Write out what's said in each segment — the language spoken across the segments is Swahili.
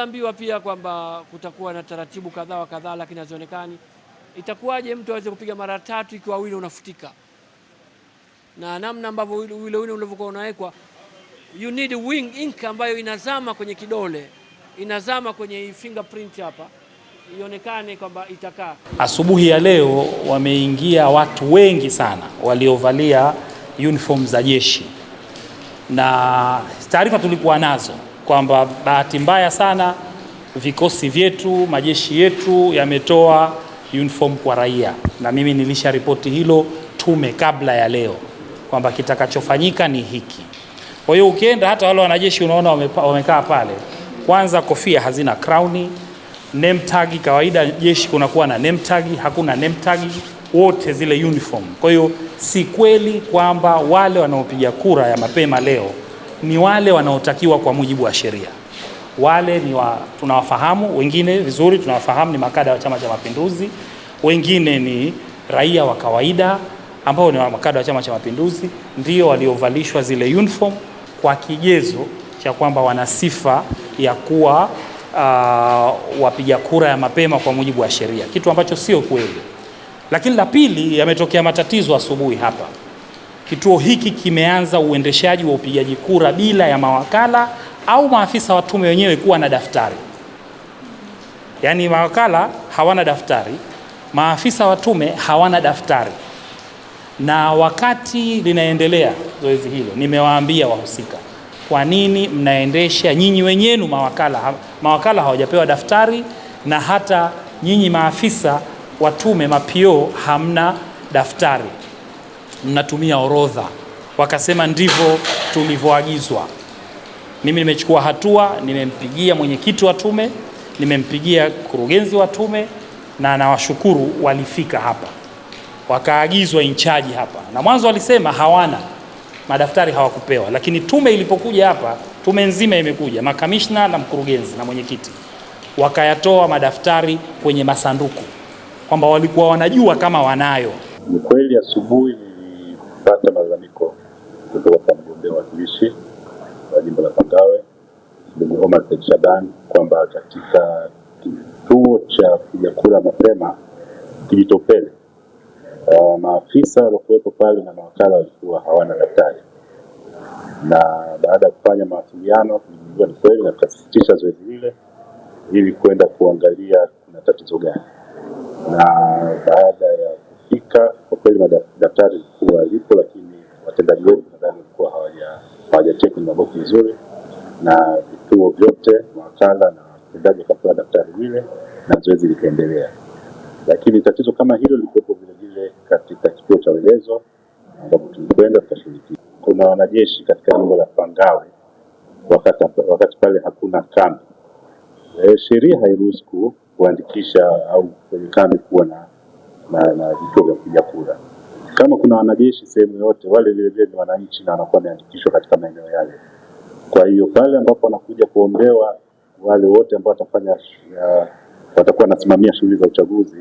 Tuliambiwa pia kwamba kutakuwa na taratibu kadhaa wa kadhaa, lakini hazionekani. Itakuwaje mtu aweze kupiga mara tatu ikiwa wino unafutika na namna ambavyo ule wino ulivyokuwa unawekwa? You need wing ink ambayo inazama kwenye kidole, inazama kwenye fingerprint hapa ionekane kwamba itakaa. Asubuhi ya leo wameingia watu wengi sana waliovalia uniform za jeshi, na taarifa tulikuwa nazo kwamba bahati mbaya sana vikosi vyetu, majeshi yetu yametoa uniform kwa raia, na mimi nilisha ripoti hilo tume kabla ya leo kwamba kitakachofanyika ni hiki. Kwa hiyo ukienda hata wale wanajeshi unaona wamekaa pale, kwanza kofia hazina crown, name tag. Kawaida jeshi kunakuwa na name tag, hakuna name tag, wote zile uniform. Kwa hiyo si kweli kwamba wale wanaopiga kura ya mapema leo ni wale wanaotakiwa kwa mujibu wa sheria. Wale ni wa, tunawafahamu wengine vizuri, tunawafahamu ni makada wa Chama cha Mapinduzi, wengine ni raia wa kawaida ambao ni makada wa Chama cha Mapinduzi, ndio waliovalishwa zile uniform kwa kigezo cha kwamba wana sifa ya kuwa uh, wapiga kura ya mapema kwa mujibu wa sheria, kitu ambacho sio kweli. Lakini la pili, yametokea matatizo asubuhi hapa. Kituo hiki kimeanza uendeshaji wa upigaji kura bila ya mawakala au maafisa wa tume wenyewe kuwa na daftari. Yaani mawakala hawana daftari, maafisa wa tume hawana daftari. Na wakati linaendelea zoezi hilo, nimewaambia wahusika, kwa nini mnaendesha nyinyi wenyenu mawakala? Mawakala hawajapewa daftari na hata nyinyi maafisa wa tume mapio hamna daftari mnatumia orodha. Wakasema ndivyo tulivyoagizwa. Mimi nimechukua hatua, nimempigia mwenyekiti wa tume, nimempigia mkurugenzi wa tume na nawashukuru, walifika hapa wakaagizwa inchaji hapa, na mwanzo walisema hawana madaftari hawakupewa, lakini tume ilipokuja hapa, tume nzima imekuja, makamishna na mkurugenzi na mwenyekiti, wakayatoa madaftari kwenye masanduku, kwamba walikuwa wanajua kama wanayo. Ni kweli asubuhi kupata malalamiko kutoka kwa mgombea wakilishi wa jimbo la Pangawe ndugu Omar Said Shaban kwamba katika kituo cha kupiga kura mapema Kijitopele, uh, maafisa waliokuwepo pale na mawakala walikuwa hawana daftari, na baada ya kufanya mawasiliano kuligundua ni kweli, na tukasitisha zoezi lile ili kwenda kuangalia kuna tatizo gani, na baada hakika kwa kweli daftari kuwa lipo, lakini watendaji wetu nadhani walikuwa hawajacheki kwenye vizuri, na vituo vyote mawakala na watendaji wakapewa daftari lile na zoezi likaendelea. Lakini tatizo kama hilo lilikuwepo vilevile katika kituo cha Welezo ambapo tulikwenda tukashiriki. Kuna wanajeshi katika jimbo la Pangawe wakati, wakati pale hakuna kambi e, sheria hairuhusu kuandikisha au kwenye kambi kuwa na na, na vituo vya kupiga kura. Kama kuna wanajeshi sehemu yote wale vilevile ni wananchi na wanakuwa wameandikishwa katika maeneo yale. Kwa hiyo pale ambapo wanakuja kuombewa, wale wote ambao watafanya watakuwa wanasimamia shughuli za uchaguzi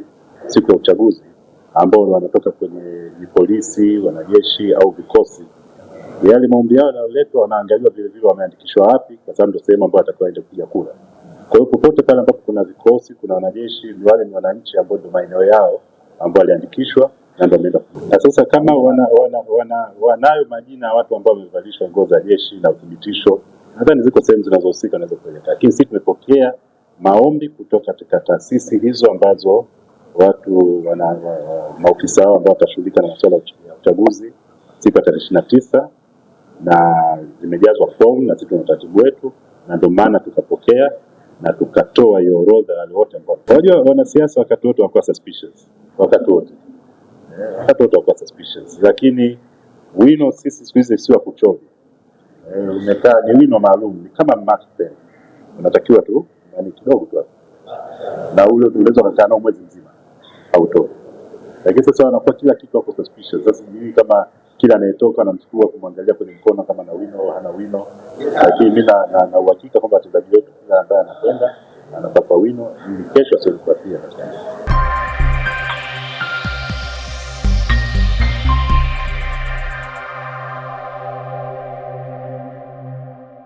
siku ya uchaguzi, ambao wanatoka kwenye polisi, wanajeshi au vikosi, yale maombi yao yanayoletwa, wanaangaliwa vilevile wameandikishwa wapi, kwa sababu ndio sehemu ambayo watakaoenda kupiga kura. Kwa hiyo popote pale ambapo kuna vikosi, kuna wanajeshi, wale ni wananchi ambao ndio maeneo yao ambao aliandikishwa na ndio Na sasa kama wana, wana, wana, wanayo majina ya watu ambao wamevalishwa nguo za jeshi na uthibitisho, nadhani ziko sehemu zinazohusika naweza kupeleka, lakini sisi tumepokea maombi kutoka katika taasisi hizo ambazo watu wana, wana, maofisa hao ambao watashughulika na masuala ya uchaguzi siku ya tarehe ishirini na tisa na zimejazwa fomu na sisi tuna utaratibu wetu, na ndio maana tukapokea na tukatoa hiyo orodha wale wote ambao, unajua wanasiasa wakati wote wanakuwa suspicious wakati wote, wakati wote wako suspicious, lakini wino sisi siku hizi sio kuchovya eh, umekaa ni wino maalum, ni kama match pen, unatakiwa tu nani kidogo tu, na ule unaweza kukaa nao mwezi mzima hautoki. Lakini sasa wanakuwa kila kitu wako suspicious. Sasa sijui kama kila anayetoka anamchukua kumwangalia kwenye mkono kama na wino au hana wino, lakini mimi na na uhakika kwamba wachezaji wetu kila ambaye anakwenda anapapa wino ili kesho asiwepatia